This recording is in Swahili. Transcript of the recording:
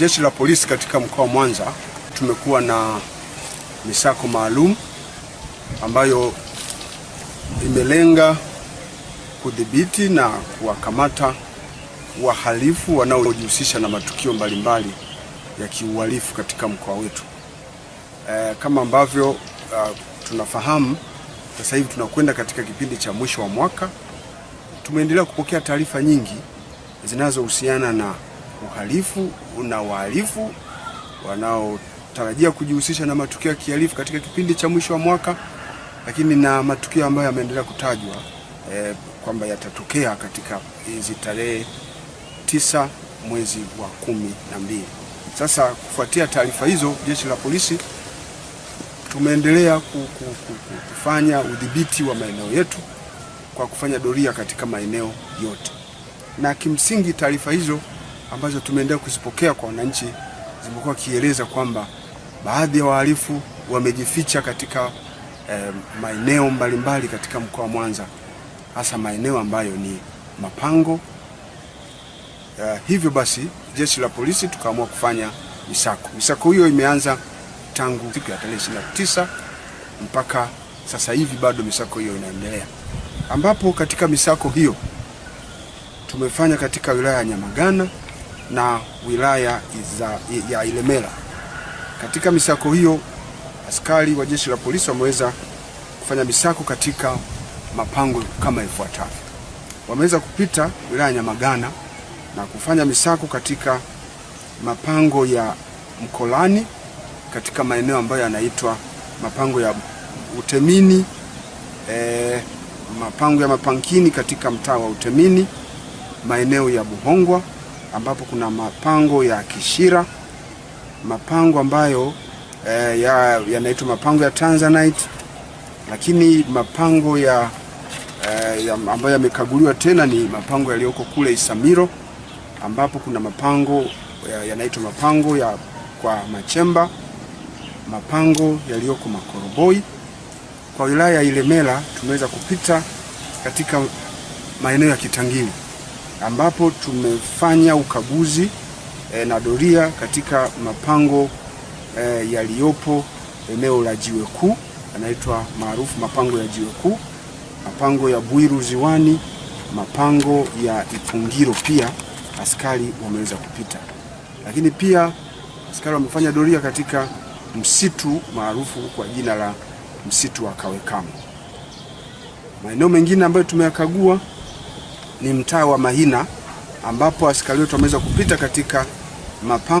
Jeshi la polisi katika mkoa wa Mwanza tumekuwa na misako maalum ambayo imelenga kudhibiti na kuwakamata wahalifu wanaojihusisha na matukio mbalimbali ya kiuhalifu katika mkoa wetu. E, kama ambavyo uh, tunafahamu sasa hivi tunakwenda katika kipindi cha mwisho wa mwaka, tumeendelea kupokea taarifa nyingi zinazohusiana na uhalifu una wahalifu wanaotarajia kujihusisha na matukio ya kihalifu katika kipindi cha mwisho wa mwaka, lakini na matukio ambayo yameendelea kutajwa e, kwamba yatatokea katika hizi tarehe tisa mwezi wa kumi na mbili. Sasa kufuatia taarifa hizo, jeshi la polisi tumeendelea kufanya udhibiti wa maeneo yetu kwa kufanya doria katika maeneo yote, na kimsingi taarifa hizo ambazo tumeendelea kuzipokea kwa wananchi zimekuwa kieleza kwamba baadhi ya wahalifu wamejificha katika eh, maeneo mbalimbali katika mkoa wa Mwanza, hasa maeneo ambayo ni mapango. Eh, hivyo basi jeshi la polisi tukaamua kufanya misako. Misako hiyo imeanza tangu siku ya tarehe 29 mpaka sasa hivi bado misako hiyo inaendelea, ambapo katika misako hiyo tumefanya katika wilaya ya Nyamagana na wilaya ya Ilemela. Katika misako hiyo, askari wa jeshi la polisi wameweza kufanya misako katika mapango kama ifuatavyo. Wameweza kupita wilaya ya Nyamagana na kufanya misako katika mapango ya Mkolani katika maeneo ambayo yanaitwa mapango ya Utemini e, mapango ya Mapankini katika mtaa wa Utemini, maeneo ya Buhongwa ambapo kuna mapango ya Kishira, mapango ambayo eh, yanaitwa ya mapango ya Tanzanite, lakini mapango ya, eh, ya ambayo yamekaguliwa tena ni mapango yaliyoko kule Isamilo, ambapo kuna mapango yanaitwa ya mapango ya kwa Machemba, mapango yaliyoko Makoroboi. Kwa wilaya ya Ilemela tumeweza kupita katika maeneo ya Kitangili ambapo tumefanya ukaguzi e, na doria katika mapango e, yaliyopo eneo la Jiwe Kuu yanaitwa maarufu mapango ya Jiwe Kuu, mapango ya Bwiru Ziwani, mapango ya Ipungiro, pia askari wameweza kupita, lakini pia askari wamefanya doria katika msitu maarufu kwa jina la msitu wa Kawekamo. Maeneo mengine ambayo tumeyakagua ni mtaa wa Mahina ambapo askari wetu wameweza kupita katika mapa